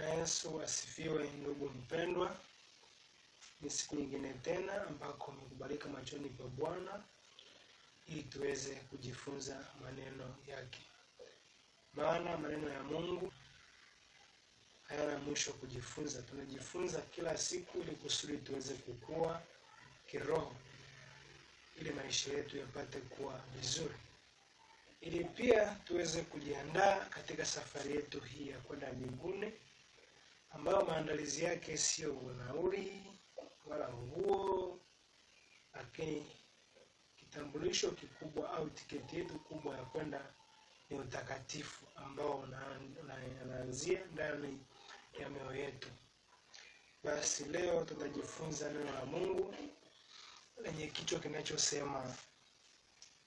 Bwana Yesu asifiwe, ndugu mpendwa. Ni siku nyingine tena ambako umekubalika machoni pa Bwana ili tuweze kujifunza maneno yake, maana maneno ya Mungu hayana mwisho kujifunza. Tunajifunza kila siku ili kusudi tuweze kukua kiroho, ili maisha yetu yapate kuwa vizuri, ili pia tuweze kujiandaa katika safari yetu hii ya kwenda mbinguni ambayo maandalizi yake sio nauli wala nguo, lakini kitambulisho kikubwa au tiketi yetu kubwa ya kwenda ni utakatifu ambao unaanzia ndani ya mioyo yetu. Basi leo tutajifunza neno la Mungu lenye kichwa kinachosema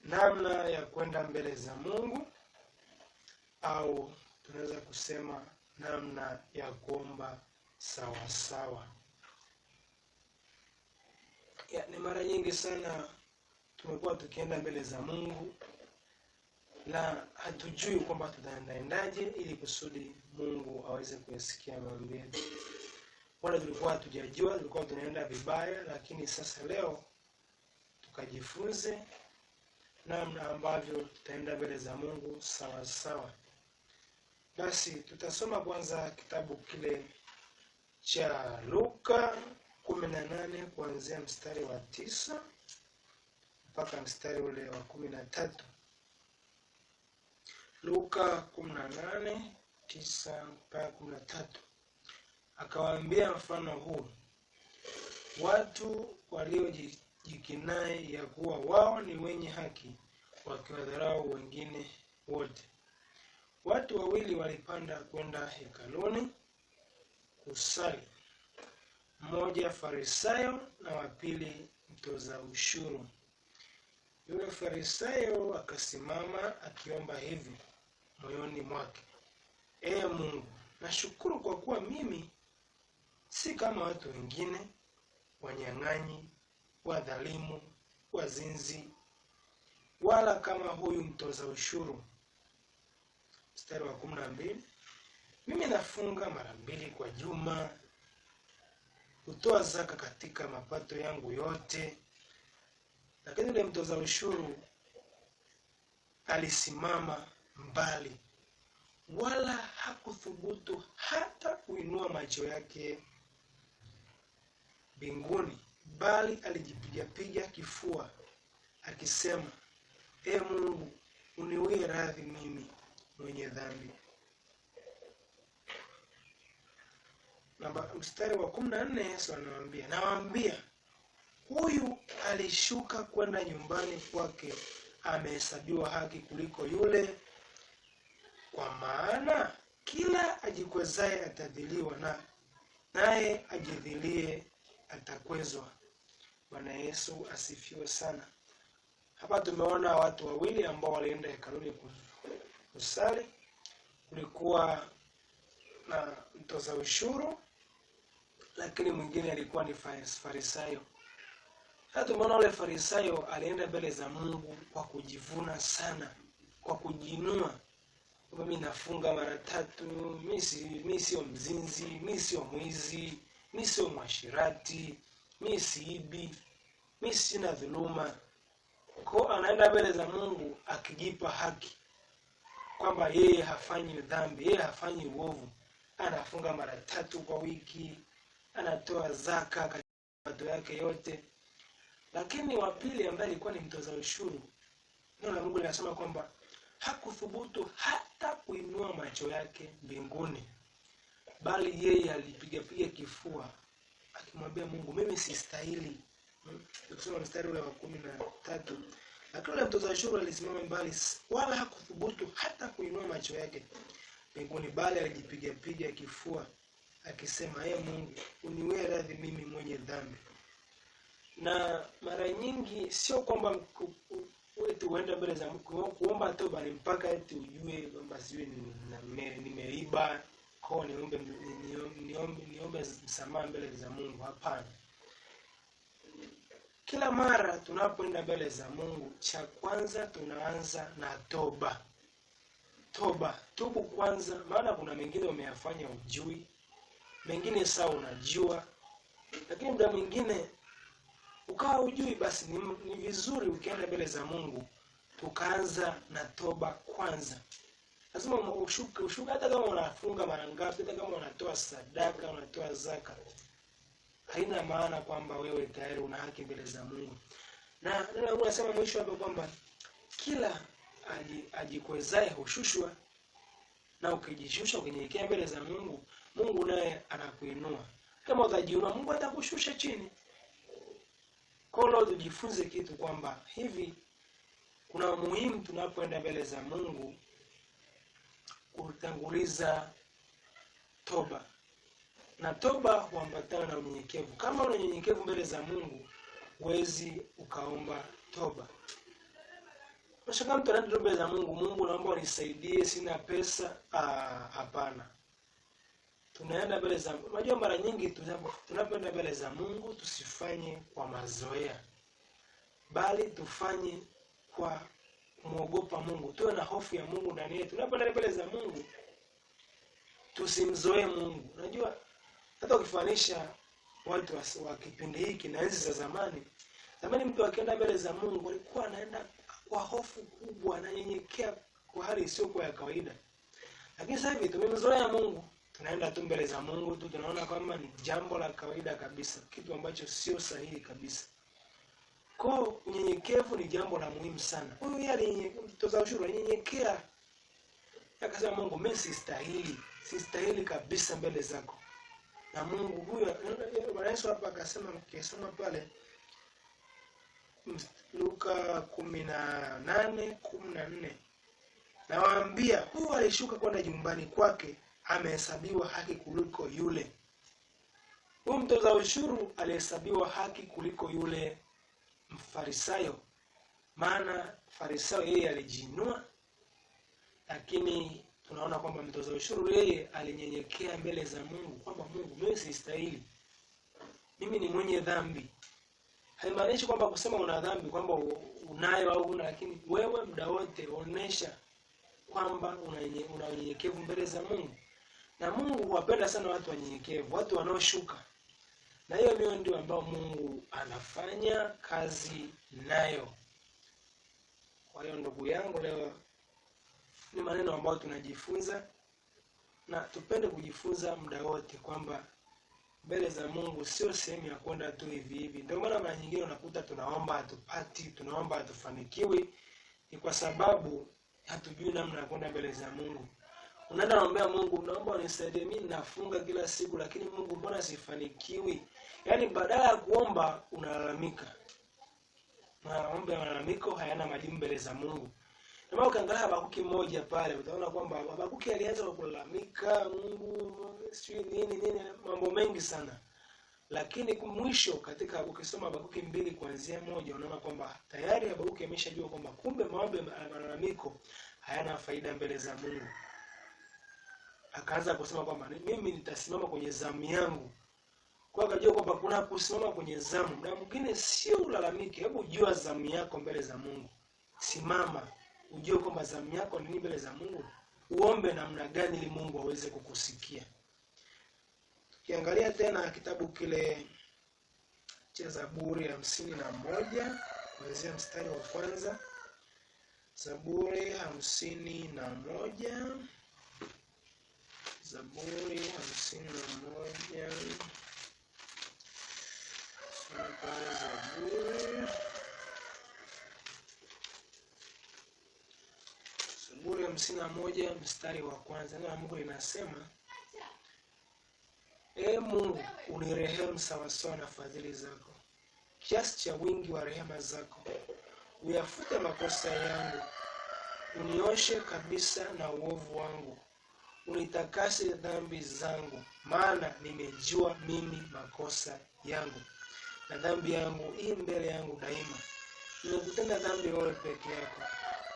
namna ya kwenda mbele za Mungu au tunaweza kusema namna ya kuomba sawasawa sawa. ni mara nyingi sana tumekuwa tukienda mbele za Mungu na hatujui kwamba tutaendaendaje ili kusudi Mungu aweze kuyasikia maombi yetu. Wala tulikuwa hatujajua, tulikuwa tunaenda vibaya, lakini sasa leo tukajifunze namna ambavyo tutaenda mbele za Mungu sawa sawa. Basi tutasoma kwanza kitabu kile cha Luka kumi kuanzia mstari wa tisa mpaka mstari ule wa kumi na tatu. Luka 18 na tisa mpaka kumi na tatu. Akawaambia mfano huu, watu waliojikinai ya kuwa wao ni wenye haki wakiwadharau wengine wote Watu wawili walipanda kwenda hekaluni kusali, mmoja Farisayo na wa pili mtoza ushuru. Yule Farisayo akasimama akiomba hivi moyoni mwake, Ee Mungu, nashukuru kwa kuwa mimi si kama watu wengine, wanyang'anyi, wadhalimu, wazinzi, wala kama huyu mtoza ushuru mstari wa kumi na mbili mimi nafunga mara mbili kwa juma, hutoa zaka katika mapato yangu yote. Lakini ule mtoza ushuru alisimama mbali, wala hakuthubutu hata kuinua macho yake binguni bali alijipigapiga kifua akisema, E Mungu, uniwie radhi mimi mwenye dhambi. Namba mstari wa kumi na nne Yesu anawaambia, nawaambia huyu alishuka kwenda nyumbani kwake amehesabiwa haki kuliko yule, kwa maana kila ajikwezaye atadhiliwa na naye ajidhilie atakwezwa. Bwana Yesu asifiwe sana. Hapa tumeona watu wawili ambao walienda hekaluni usali, kulikuwa na mtoza ushuru, lakini mwingine alikuwa ni Farisayo. Hata tumeona yule Farisayo alienda mbele za Mungu kwa kujivuna sana, kwa kujinua mimi nafunga mara tatu, mi sio mzinzi, mi sio mwizi, mi sio mwashirati, mi siibi, mi sina dhuluma. Kwa anaenda mbele za Mungu akijipa haki, kwamba yeye hafanyi dhambi, yeye hafanyi uovu, anafunga mara tatu kwa wiki, anatoa zaka katika mapato yake yote. Lakini wa pili ambaye alikuwa ni mtoza ushuru, neno la Mungu linasema kwamba hakuthubutu hata kuinua macho yake mbinguni, bali yeye alipigapiga kifua akimwambia Mungu, mimi sistahili. Hmm, tukisoma mstari ule wa kumi na tatu lakini yule mtoza ushuru alisimama mbali, wala hakuthubutu hata kuinua macho yake mbinguni, bali alijipiga piga kifua akisema, ee Mungu, uniwe radhi mimi mwenye dhambi. Na mara nyingi sio kwamba wetu huenda mbele za Mungu kuomba toba, ni mpaka eti ujue kwamba sijui nimeiba ko niombe niombe niombe msamaha mbele za Mungu. Hapana. Kila mara tunapoenda mbele za Mungu, cha kwanza tunaanza na toba. Toba, tubu kwanza, maana kuna mengine umeyafanya ujui, mengine saa unajua, lakini muda mwingine ukawa ujui. Basi ni, ni vizuri ukienda mbele za Mungu tukaanza na toba kwanza. Lazima ushuke ushuke, hata kama unafunga mara ngapi, hata kama unatoa sadaka, unatoa zaka, haina maana kwamba wewe tayari una haki mbele za Mungu. Na neno unasema mwisho hapo kwamba kila ajikwezae hushushwa, na ukijishusha ukinyenyekea mbele za Mungu, Mungu naye anakuinua. Kama utajiinua, Mungu atakushusha chini. Kwa hiyo tujifunze kitu kwamba hivi kuna muhimu tunapoenda mbele za Mungu kutanguliza toba na toba huambatana na unyenyekevu. Kama una unyenyekevu mbele za Mungu, huwezi ukaomba toba. Unashangaa mtu anaenda mbele za Mungu, Mungu naomba unisaidie, sina pesa. Ah, hapana, tunaenda mbele za Mungu. Unajua, mara nyingi tunapoenda mbele za Mungu tusifanye kwa mazoea, bali tufanye kwa kumwogopa Mungu, tuwe na hofu ya Mungu ndani yetu. Tunapoenda mbele za Mungu tusimzoee Mungu. Unajua, sasa ukifanisha watu wa wa kipindi hiki na enzi za zamani, zamani mtu akienda mbele za Mungu alikuwa anaenda kwa hofu kubwa, ananyenyekea kwa hali kwa ya kawaida. Lakini sasa hivi tumemzoea Mungu, tunaenda tu mbele za Mungu tu, tunaona kama ni jambo la kawaida kabisa, kitu ambacho sio sahihi kabisa. Kwa unyenyekevu ni jambo la muhimu sana. Huyu yeye alinyenyekea, mtoza ushuru alinyenyekea, akasema Mungu, mimi sistahili, sistahili kabisa mbele zako na Mungu huyo akaenda Bwana Yesu hapa akasema mkisoma pale Luka kumi na nane kumi na nne nawaambia huyu alishuka kwenda nyumbani kwake amehesabiwa haki kuliko yule huyu mtoza ushuru alihesabiwa haki kuliko yule mfarisayo maana farisayo yeye alijiinua lakini tunaona kwamba mtoza ushuru yeye alinyenyekea mbele za Mungu kwamba Mungu, mimi sistahili, mimi ni mwenye dhambi. Haimaanishi kwamba kusema una dhambi kwamba unayo au una, lakini wewe muda wote onesha kwamba una unyenyekevu mbele za Mungu, na Mungu huwapenda sana watu wanyenyekevu, watu wanaoshuka, na hiyo ndio ndio ambao Mungu anafanya kazi nayo. Kwa hiyo ndugu yangu, leo ni maneno ambayo tunajifunza na tupende kujifunza muda wote kwamba mbele za Mungu sio sehemu ya kwenda tu hivi hivi. Ndio maana mara nyingine unakuta tunaomba hatupati, tunaomba hatufanikiwi, ni kwa sababu hatujui namna ya kwenda mbele za Mungu. Unaenda naombea Mungu, naomba unisaidie, mimi nafunga kila siku, lakini Mungu, mbona sifanikiwi? Yaani badala ya kuomba unalalamika, maombi ya malalamiko hayana majibu mbele za Mungu. Kama ukiangalia Habakuki mmoja pale utaona kwamba Habakuki alianza kulalamika Mungu sijui nini nini mambo mengi sana. Lakini mwisho katika ukisoma Habakuki mbili kuanzia moja unaona kwamba tayari Habakuki ameshajua kwamba kumbe maombi na malalamiko hayana faida mbele za Mungu. Akaanza kusema kwamba mimi nitasimama kwenye zamu yangu. Kwa akajua kwamba kuna kusimama kwenye zamu na mwingine sio ulalamike, hebu jua zamu yako mbele za Mungu. Simama ujue kwamba zamu yako nini mbele za Mungu, uombe namna gani ili Mungu aweze kukusikia. Ukiangalia tena kitabu kile cha Zaburi hamsini na moja kuanzia mstari wa kwanza Zaburi hamsini na moja Zaburi hamsini na moja hamsini na moja mstari wa kwanza neno la Mungu linasema E Mungu unirehemu sawasawa na fadhili zako, kiasi cha wingi wa rehema zako, uyafute makosa yangu, unioshe kabisa na uovu wangu, unitakase dhambi zangu, maana nimejua mimi makosa yangu na dhambi yangu hii mbele yangu daima. Nimekutenda dhambi wewe peke yako,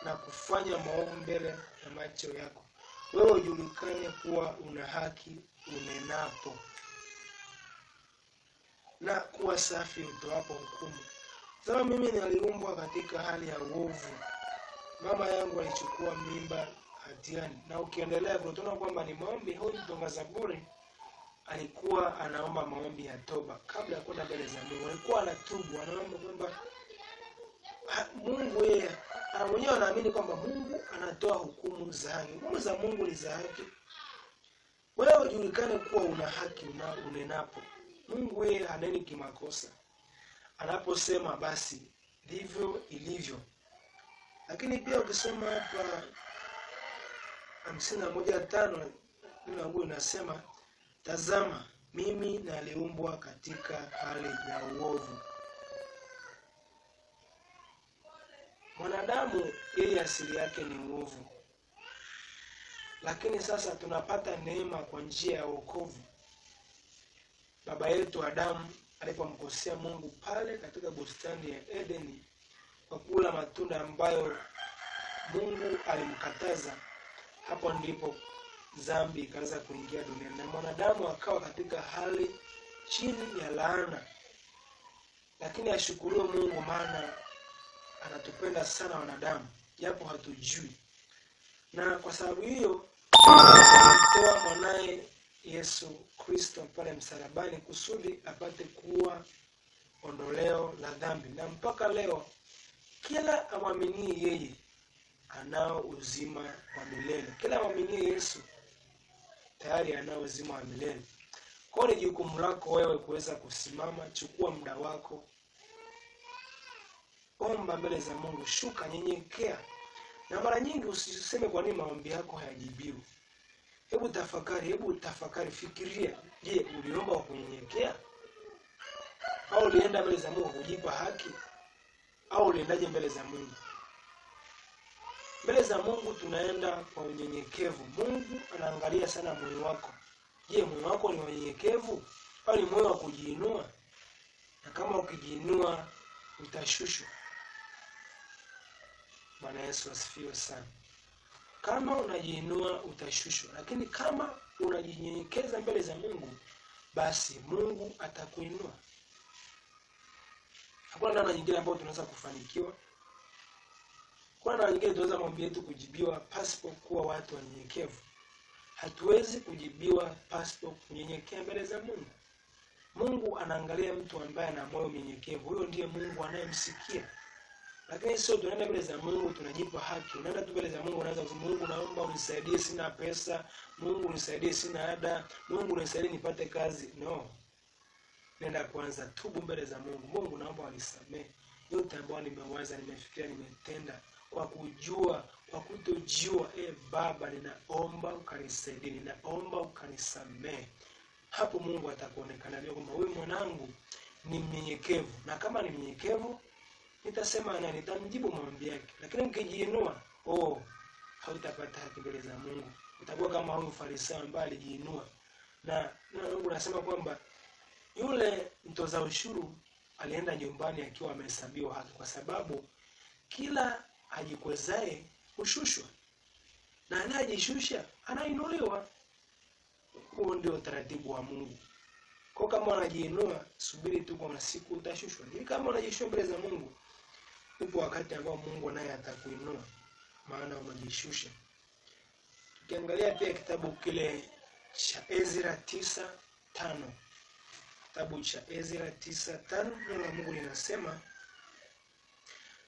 na kufanya maovu mbele ya macho yako, wewe ujulikane kuwa una haki unenapo na kuwa safi utoapo hukumu. Sasa mimi niliumbwa katika hali ya uovu, mama yangu alichukua mimba hatiani. Na ukiendelea utaona kwamba ni maombi. Huyu mtunga zaburi alikuwa anaomba maombi ya toba kabla ya kwenda mbele za Mungu, alikuwa anatubu, anaomba kwamba Mungu yeye mwenyewe anaamini kwamba Mungu anatoa hukumu za haki. Hukumu za Mungu ni za haki. Wewe ujulikane kuwa una haki na unenapo. Mungu yeye haneni kimakosa. Anaposema basi ndivyo ilivyo. Lakini pia ukisoma hapa hamsini na moja tano neno langu inasema, tazama mimi naliumbwa katika hali ya uovu Mwanadamu yeye asili yake ni uovu, lakini sasa tunapata neema kwa njia ya wokovu. Baba yetu Adamu alipomkosea Mungu pale katika bustani ya Edeni kwa kula matunda ambayo Mungu alimkataza, hapo ndipo dhambi ikaanza kuingia duniani na mwanadamu akawa katika hali chini ya laana, lakini ashukuriwe Mungu maana anatupenda sana wanadamu japo hatujui na kwa sababu hiyo alitoa mwanaye Yesu Kristo pale msalabani kusudi apate kuwa ondoleo la dhambi na mpaka leo kila amwamini yeye anao uzima wa milele kila amwaminie Yesu tayari anao uzima wa milele kwa hiyo jukumu lako wewe kuweza kusimama chukua muda wako omba mbele za Mungu, shuka, nyenyekea. Na mara nyingi usiseme kwa nini maombi yako hayajibiwi. Hebu tafakari, hebu tafakari, fikiria. Je, uliomba kwa kunyenyekea au ulienda mbele za Mungu kujipa haki au uliendaje mbele za Mungu? Mbele za Mungu tunaenda kwa unyenyekevu. Mungu anaangalia sana moyo wako. Je, moyo wako ni unyenyekevu au ni moyo wa kujiinua? Na kama ukijiinua utashushwa. Bwana Yesu asifiwe sana. Kama unajiinua utashushwa, lakini kama unajinyenyekeza mbele za Mungu, basi Mungu atakuinua. Hakuna namna nyingine ambayo tunaweza kufanikiwa. Kwa namna nyingine tunaweza maombi yetu kujibiwa pasipo kuwa watu wanyenyekevu. Hatuwezi kujibiwa pasipo kunyenyekea mbele za Mungu. Mungu anaangalia mtu ambaye ana moyo mnyenyekevu. Huyo ndiye Mungu anayemsikia. Lakini sio tunaenda mbele za Mungu tunajipa haki. Unaenda tu mbele za Mungu unaanza kusema Mungu naomba unisaidie sina pesa, Mungu unisaidie sina ada, Mungu unisaidie nipate kazi. No. Nenda kwanza tubu mbele za Mungu. Mungu naomba unisamehe. Yote ambayo nimewaza, nimefikiria, nimetenda kwa kujua, kwa kutojua. E Baba, ninaomba ukanisaidie, ninaomba ukanisamehe. Hapo Mungu atakuonekana leo kwamba huyu mwanangu ni mnyenyekevu, na kama ni mnyenyekevu nitasema nani? Nitamjibu mwambi yake. Lakini mkijiinua, oh, hautapata haki mbele za Mungu. Utakuwa kama huyu Farisayo ambaye alijiinua. Na na Mungu anasema kwamba yule mtoza ushuru alienda nyumbani akiwa amehesabiwa haki, kwa sababu kila ajikwezae hushushwa na anayejishusha anainuliwa. Huo ndio utaratibu wa Mungu. Kwa kama unajiinua, subiri tu, kwa siku utashushwa. Ili kama unajishusha mbele za Mungu Upo wakati ambao Mungu naye atakuinua, maana umejishusha. ukiangalia pia kitabu kile cha Ezra tisa tano kitabu cha Ezra tisa tano neno la Mungu linasema,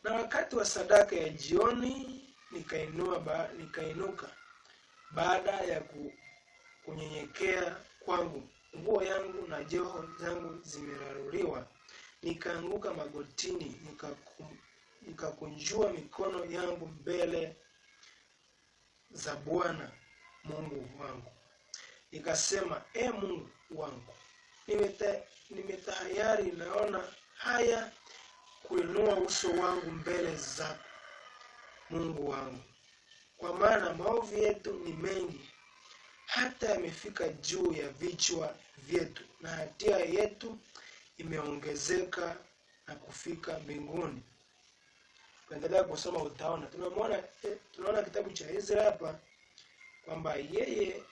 na wakati wa sadaka ya jioni nikainua ba, nikainuka baada ya ku, kunyenyekea kwangu, nguo yangu na joho zangu zimeraruliwa, nikaanguka magotini, nikakum, nikakunjua mikono yangu mbele za Bwana Mungu wangu, nikasema e Mungu wangu, nimetayari naona haya kuinua uso wangu mbele za Mungu wangu, kwa maana maovu yetu ni mengi, hata yamefika juu ya vichwa vyetu, na hatia yetu imeongezeka na kufika mbinguni ukiendelea kusoma utaona tumemwona tunaona kitabu cha Ezra hapa kwamba yeye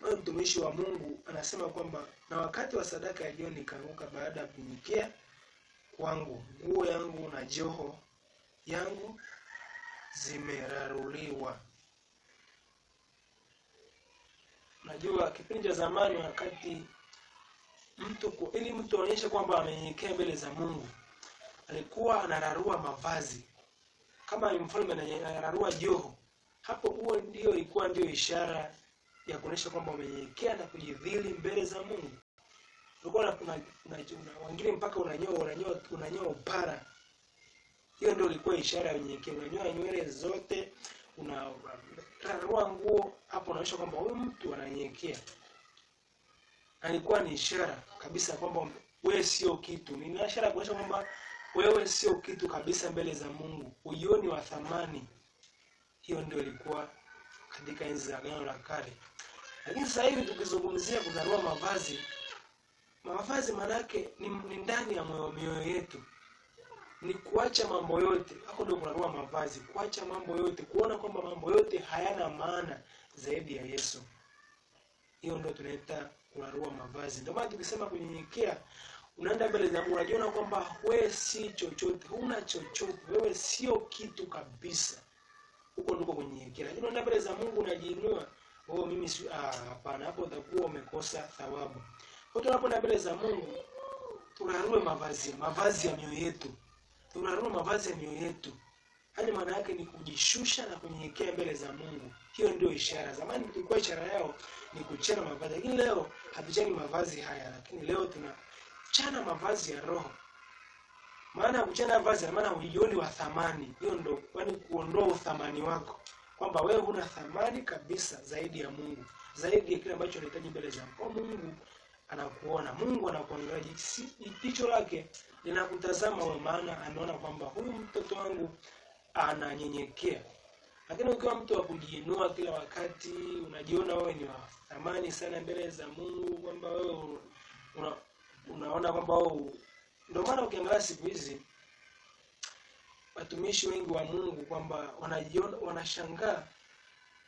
huyo mtumishi wa Mungu anasema kwamba na wakati wa sadaka ya jioni nikaanguka baada ya kunyenyekea kwangu, nguo yangu na joho yangu zimeraruliwa. Najua kipindi cha zamani, wakati mtu ili mtu aonyeshe kwamba amenyekea mbele za Mungu alikuwa anararua mavazi kama mfalme anararua joho. Hapo huo ndio ilikuwa ndio ishara ya kuonesha kwamba umenyenyekea na kujidhili mbele za Mungu. Ulikuwa kuna wengine mpaka unanyoa unanyoa unanyoa upara. Hiyo ndio ilikuwa ishara ya unyenyekevu. Unanyoa nywele zote, unararua nguo, hapo unaonyesha kwamba huyu mtu ananyenyekea. Alikuwa ni ishara kabisa kwamba wewe sio kitu. Ni ishara kuonyesha kwamba wewe sio kitu kabisa mbele za Mungu, uioni wa thamani. Hiyo ndio ilikuwa katika enzi za Agano la Kale. Lakini sasa hivi tukizungumzia kudharua mavazi, mavazi maanake ni, ni ndani ya moyo mioyo yetu, ni kuacha mambo yote. Hapo ndio kudharua mavazi, kuacha mambo yote, kuona kwamba mambo yote hayana maana zaidi ya Yesu. Hiyo ndio tunaita kunarua mavazi. Ndio maana tukisema kunyenyekea, unaenda mbele za Mungu unajiona kwamba wewe si chochote, huna chochote, wewe sio kitu kabisa. Huko ndiko kwenye kunyenyekea. Lakini unaenda mbele za Mungu unajiinua, wewe oh, mimi si ah, hapana, hapo utakuwa umekosa thawabu. Kwa hiyo tunapoenda mbele za Mungu turarue mavazi, mavazi ya mioyo yetu. Turarue mavazi ya mioyo yetu. Hadi yaani maana yake ni kujishusha na kunyenyekea mbele za Mungu. Hiyo ndio ishara. Zamani ilikuwa ishara yao ni kuchana mavazi, lakini leo hatuchani mavazi haya, lakini leo tuna kuchana mavazi ya roho. Maana kuchana vazi maana uioni wa thamani. Hiyo ndio yani kuondoa uthamani wako. Kwamba wewe huna thamani kabisa zaidi ya Mungu, zaidi ya kile ambacho unahitaji mbele za Mungu. Mungu anakuona, Mungu anakuangalia. Jicho lake linakutazama wewe, maana anaona kwamba huyu mtoto wangu ananyenyekea. Lakini ukiwa mtu wa kujiinua kila wakati, unajiona wewe ni wa thamani sana mbele za Mungu, kwamba wewe una, unaona kwamba wao ndio maana ukiangalia siku hizi watumishi wengi wa Mungu kwamba wanajiona wanashangaa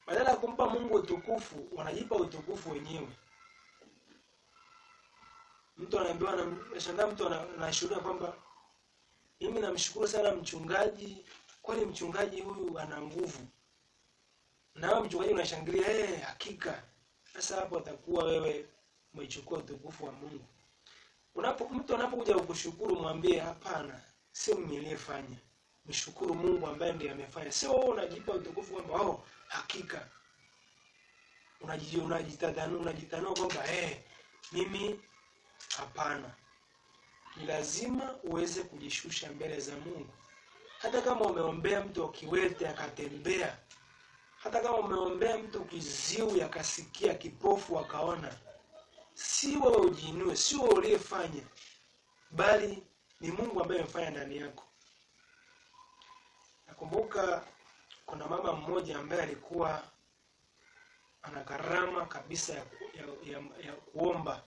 badala ya kumpa Mungu utukufu wanajipa utukufu wenyewe. Mtu anaambiwa anashangaa, mtu anashuhudia kwamba mimi namshukuru sana mchungaji, kwani mchungaji huyu ana nguvu, na wewe mchungaji unashangilia, eh, hakika. Sasa hapo atakuwa wewe umechukua utukufu wa Mungu. Unapo mtu anapokuja kukushukuru mwambie hapana, sio mimi niliyefanya. Nishukuru Mungu ambaye ndiye amefanya. Sio wewe unajipa utukufu kwamba oh, hakika. Unajijiona unajitadhanu unajitanua kwamba eh hey, mimi hapana. Ni lazima uweze kujishusha mbele za Mungu. Hata kama umeombea mtu akiwete akatembea, hata kama umeombea mtu kiziwi akasikia, kipofu akaona, si wewe ujiinue, si wewe uliyefanya, bali ni Mungu ambaye amefanya ndani yako. Nakumbuka kuna mama mmoja ambaye alikuwa ana karama kabisa ya, ya, ya, ya kuomba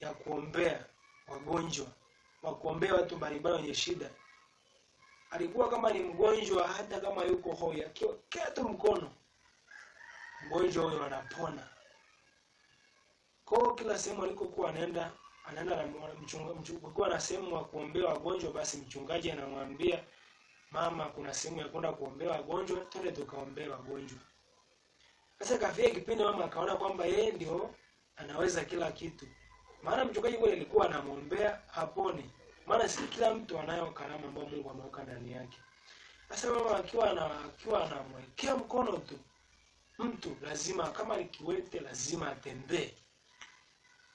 ya kuombea wagonjwa wa kuombea watu mbalimbali wenye shida. Alikuwa kama ni mgonjwa, hata kama yuko hoi, akiwekea tu mkono mgonjwa huyo anapona. Kwa hiyo kila sehemu alikokuwa anaenda anaenda na mchungaji kwa na sehemu ya kuombea wagonjwa, basi mchungaji anamwambia mama, kuna sehemu ya kwenda kuombea wagonjwa, twende tukaombea wagonjwa. Sasa kafia kipindi mama akaona kwamba yeye ndio anaweza kila kitu, maana mchungaji yule alikuwa anamwombea hapone, maana si kila mtu anayo karama ambayo Mungu ameweka ndani yake. Sasa mama akiwa na akiwa anamwekea mkono tu mtu lazima, kama ni kiwete, lazima atembee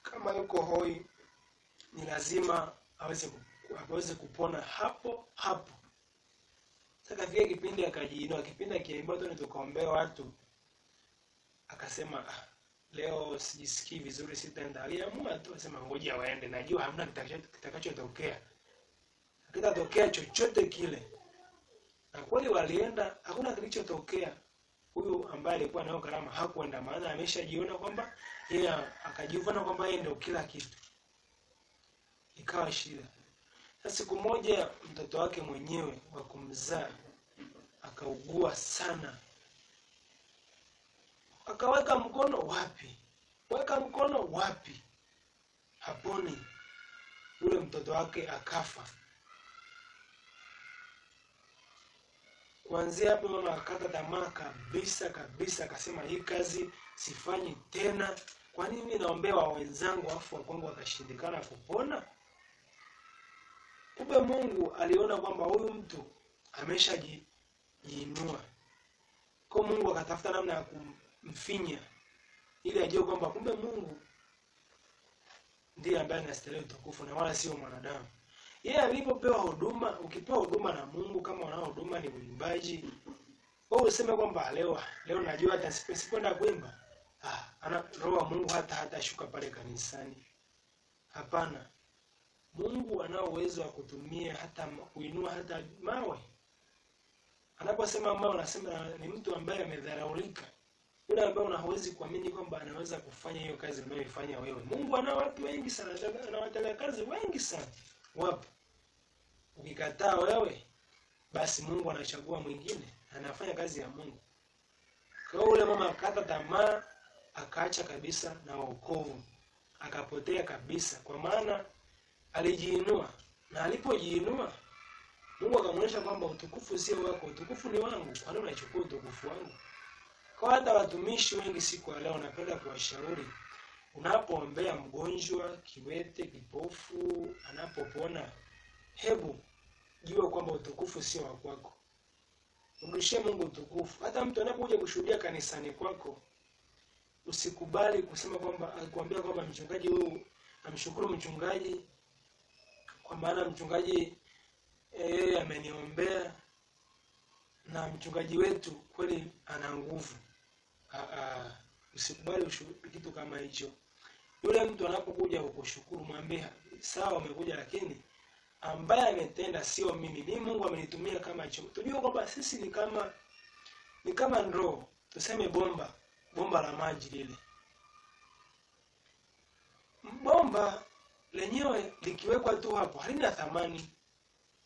kama yuko hoi, ni lazima aweze aweze kupona hapo hapo. Sasa kipindi akajiinua, kipindi akiambiwa tu tukaombea watu, akasema ah, leo sijisikii vizuri, sitaenda. Aliamua tu asema ngoja waende, najua hamna kitakachotokea, kitatokea chochote kile. Na kweli walienda, hakuna kilichotokea huyu ambaye alikuwa nayo karama hakwenda, maana ameshajiona kwamba yeye akajivuna kwamba yeye ndio kila kitu, ikawa shida. Na siku moja mtoto wake mwenyewe wa kumzaa akaugua sana, akaweka mkono wapi, weka mkono wapi, haponi. Yule mtoto wake akafa. Kuanzia hapo mama akakata tamaa kabisa kabisa, akasema hii kazi sifanyi tena. Kwa nini naombea wa wenzangu afu wa kwangu akashindikana kupona? Kumbe Mungu aliona kwamba huyu mtu ameshajiinua, kwa Mungu akatafuta namna ya kumfinya ili ajue kwamba kumbe Mungu ndiye ambaye anastahili utukufu na wala sio mwanadamu yeye yeah, alipopewa huduma, ukipewa huduma na Mungu kama unao huduma ni uimbaji, wewe useme kwamba leo leo najua hata sikwenda kuimba. Ah, ana roho wa Mungu hata hata shuka pale kanisani. Hapana. Mungu ana uwezo wa kutumia hata kuinua hata mawe. Anaposema mawe anasema ni mtu ambaye amedharaulika. Yule ambaye unawezi kuamini kwamba anaweza kufanya hiyo kazi ambayo unayoifanya wewe. Mungu ana watu wengi sana, ana watendaji kazi wengi sana wapo. Ukikataa wewe, basi Mungu anachagua mwingine, anafanya kazi ya Mungu. Kwa ule mama akata tamaa, akaacha kabisa na wokovu, akapotea kabisa, kwa maana alijiinua, na alipojiinua Mungu akamwonyesha kwamba utukufu sio wako, utukufu ni wangu. Kwa nini unachukua utukufu wangu? Kwa hata watumishi wengi siku ya leo, napenda kuwashauri Unapoombea mgonjwa, kiwete, kipofu anapopona, hebu jua kwamba utukufu sio wa kwako. Mrudishie Mungu utukufu. Hata mtu anapokuja kushuhudia kanisani kwako, usikubali kusema kwamba alikwambia kwamba mchungaji huyu, amshukuru mchungaji kwa maana mchungaji eh, yeye ameniombea na mchungaji wetu kweli ana nguvu. Ah, ah, usikubali kitu kama hicho. Yule mtu anapokuja kukushukuru mwambie sawa, umekuja lakini ambaye ametenda sio mimi, ni Mungu amenitumia kama hicho Tujue kwamba sisi ni kama ni kama ndoo, tuseme bomba, bomba la maji lile. Bomba lenyewe likiwekwa tu hapo halina thamani,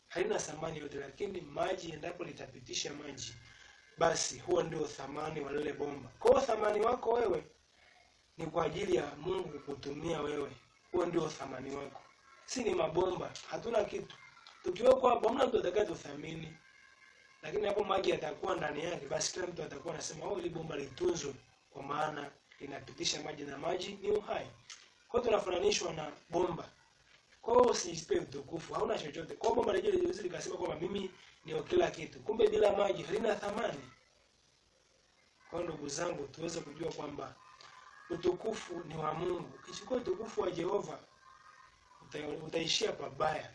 halina thamani yote, lakini maji endapo litapitisha maji, basi huo ndio thamani wa lile bomba. Kwa thamani wako wewe ni kwa ajili ya Mungu kukutumia wewe. Huo ndio thamani wako. Si ni mabomba, hatuna kitu. Tukiwekwa hapo hamna mtu atakayetuthamini. Lakini hapo maji yatakuwa ndani yake, basi kila mtu atakuwa anasema, "Oh, hili bomba litunzwe kwa maana linapitisha maji na maji ni uhai." Kwa hiyo tunafananishwa na bomba. Kwa hiyo usijipe utukufu, hauna chochote. Kwa bomba lenyewe liliwezi likasema kwamba mimi ni kila kitu. Kumbe bila maji halina thamani. Kwa ndugu zangu, tuweze kujua kwamba utukufu ni wa Mungu. Ukichukua utukufu wa Jehova utaishia pabaya.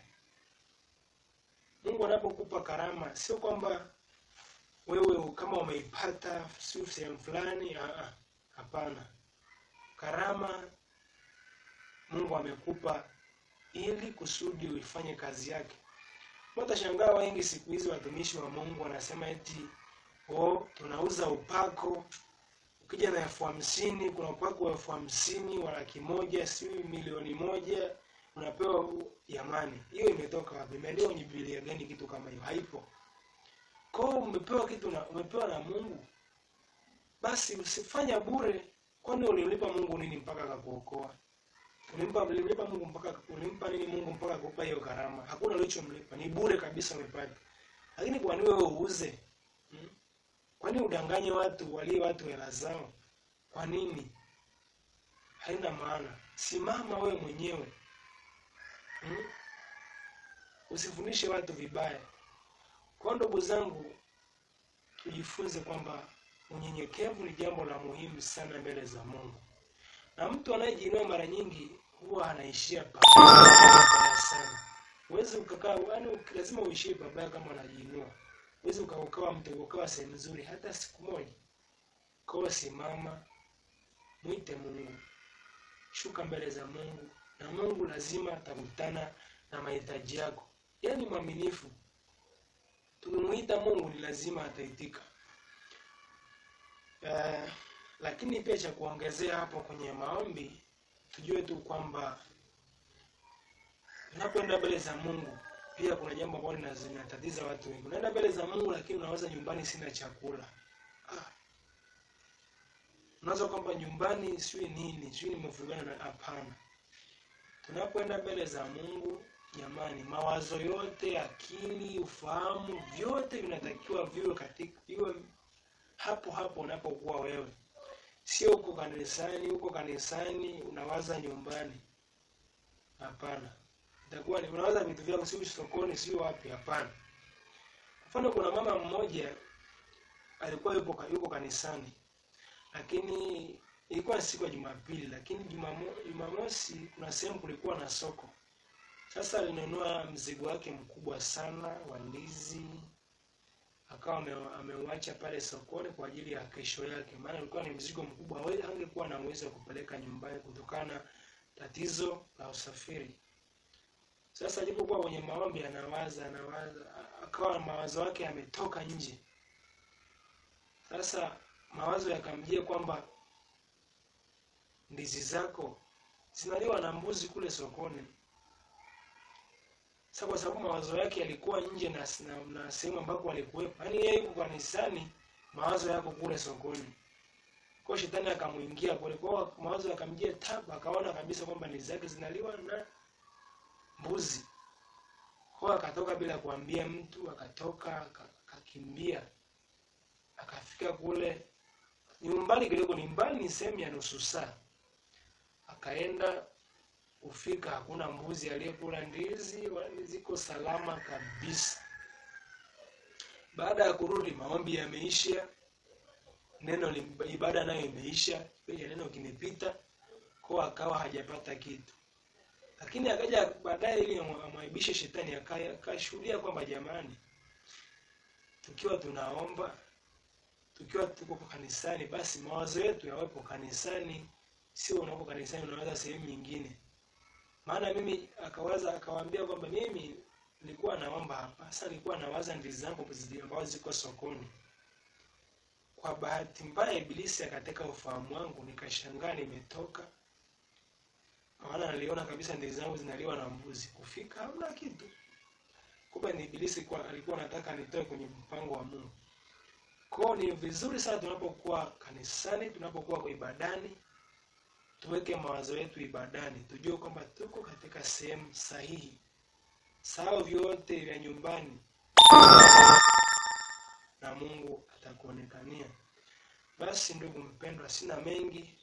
Mungu anapokupa karama, sio kwamba wewe kama umeipata sehemu fulani. Hapana, karama Mungu amekupa ili kusudi uifanye kazi yake. Mtashangaa wengi siku hizi watumishi wa Mungu wanasema eti oh, tunauza upako ukija na elfu hamsini kuna kwako elfu hamsini wa laki moja sijui milioni moja unapewa yamani. Hiyo imetoka wapi? Imeandikwa kwenye Biblia gani kitu kama hiyo? Haipo. Kwa hiyo umepewa kitu na umepewa na Mungu, basi usifanya bure. Kwani ulimlipa Mungu nini mpaka akakuokoa? Ulimpa ulimlipa Mungu mpaka ulimpa nini Mungu mpaka akupa hiyo karama? Hakuna ulichomlipa, ni bure kabisa umepata. Lakini kwani wewe uuze? Hmm? Kwani udanganye watu walie watu hela zao kwa nini? Haina maana. Simama wewe mwenyewe hmm? Usifundishe watu vibaya. Kwa ndugu zangu, tujifunze kwamba unyenyekevu ni jambo la muhimu sana mbele za Mungu, na mtu anayejiinua mara nyingi huwa anaishia pabaya sana. Huwezi ukakaa, yaani lazima uishie pabaya kama unajiinua huwezi ukaokoa mtu ukaokoa sehemu nzuri hata siku moja. Kwa simama, mwite Mungu, shuka mbele za Mungu na Mungu lazima atakutana na mahitaji yako. yani mwaminifu, tukimuita Mungu ni lazima ataitika. Uh, lakini pia cha kuongezea hapo kwenye maombi, tujue tu kwamba tunapoenda mbele za Mungu pia kuna jambo ambalo linazinatatiza watu wengi. Unaenda mbele za Mungu lakini unawaza nyumbani sina chakula. Ah. Unaweza kwamba nyumbani sio nini, sio nimevurugana na hapana. Tunapoenda mbele za Mungu jamani, mawazo yote, akili, ufahamu, vyote vinatakiwa viwe katika viwe hapo hapo unapokuwa wewe. Sio uko kanisani, uko kanisani unawaza nyumbani. Hapana itakuwa ni unaweza vitu vyako, sio sokoni, sio wapi. Hapana. Mfano, kuna mama mmoja alikuwa yupo yuko kanisani, lakini ilikuwa siku ya Jumapili, lakini Jumamosi kuna sehemu kulikuwa na soko. Sasa alinunua mzigo wake mkubwa sana wa ndizi, akawa ameuacha pale sokoni kwa ajili ya kesho yake, maana ilikuwa ni mzigo mkubwa, hangekuwa na uwezo wa kupeleka nyumbani kutokana tatizo la usafiri. Sasa alipokuwa kwenye maombi anawaza anawaza, akawa mawazo yake yametoka nje. Sasa mawazo yakamjia kwamba ndizi zako zinaliwa na mbuzi kule sokoni. Sasa kwa sababu mawazo yake yalikuwa nje na, na, na sehemu ambako alikuwepo, yaani yeye yuko kanisani, mawazo yako kule sokoni. Kwa shetani akamuingia pole kwa mawazo yakamjia tabu, akaona kabisa kwamba ndizi zake zinaliwa na mbuzi. Kwa akatoka bila kuambia mtu, akatoka akakimbia, akafika kule ni umbali kidogo, ni mbali, ni sehemu ya nusu saa. Akaenda kufika, hakuna mbuzi aliyekula ndizi, ziko salama kabisa. Baada ya kurudi, maombi yameisha, neno ibada nayo imeisha, pia neno kimepita, kwa akawa hajapata kitu. Lakini akaja baadaye ili amwaibishe shetani, akashuhudia kwamba jamani, tukiwa tunaomba, tukiwa tuko kanisani, basi mawazo yetu yawepo kanisani, sio unako kanisani unaweza sehemu nyingine. Maana mimi akawaza, akawaambia kwamba mimi nilikuwa naomba hapa, sasa nilikuwa nawaza ndizi zangu ambazo ziko sokoni. Kwa bahati mbaya, Ibilisi akateka ufahamu wangu, nikashangaa nimetoka maana aliona kabisa ndizi zangu zinaliwa na mbuzi. Kufika hamna kitu. Kumbe ni Ibilisi kwa alikuwa anataka nitoe kwenye mpango wa Mungu. Kwa ni vizuri sana tunapokuwa kanisani, tunapokuwa kwa ibadani, tuweke mawazo yetu ibadani, tujue kwamba tuko katika sehemu sahihi. Sahau vyote vya nyumbani na Mungu atakuonekania. Basi ndugu mpendwa, sina mengi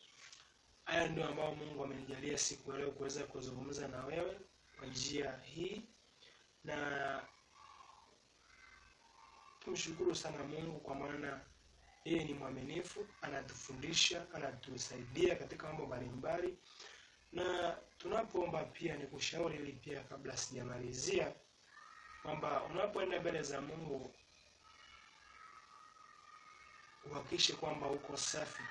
Haya ndio ambayo Mungu amenijalia siku ya leo kuweza kuzungumza na wewe kwa njia hii, na tumshukuru sana Mungu kwa maana yeye ni mwaminifu, anatufundisha, anatusaidia katika mambo mbalimbali, na tunapoomba pia ni kushauri hili pia, kabla sijamalizia, kwamba unapoenda mbele za Mungu uhakikishe kwamba uko safi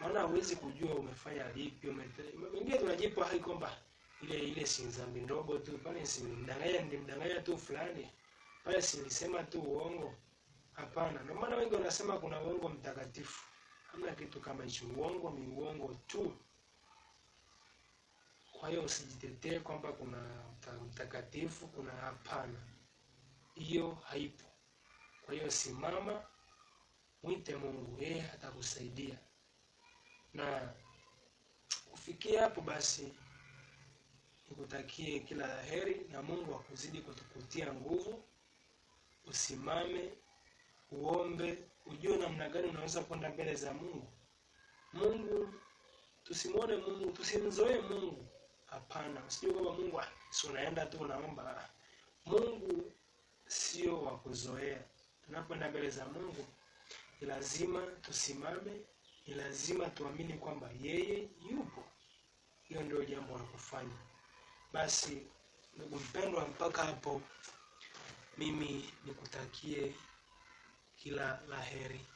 maana huwezi kujua umefanya lipi mwingine Tunajipa hai kwamba ile ile si dhambi ndogo tu pale, simdanganya nilimdanganya tu fulani pale, silisema tu uongo. Hapana, ndio maana wengi wanasema kuna uongo mtakatifu. Hamna kitu kama hicho, uongo ni uongo tu. Kwa hiyo usijitetee kwamba kuna mtakatifu, kuna hapana, hiyo haipo. Kwa hiyo simama, mwite Mungu, yeye atakusaidia na kufikia hapo basi nikutakie kila laheri heri na mungu akuzidi kutukutia nguvu usimame uombe ujue namna gani unaweza kwenda mbele za mungu mungu tusimwone mungu tusimzoee mungu hapana usijue kwamba mungu ah, si unaenda tu unaomba mungu sio wa kuzoea tunapoenda mbele za mungu ni lazima tusimame ni lazima tuamini kwamba yeye yupo. Hiyo ndio jambo la kufanya. Basi ndugu mpendwa, mpaka hapo mimi nikutakie kila laheri.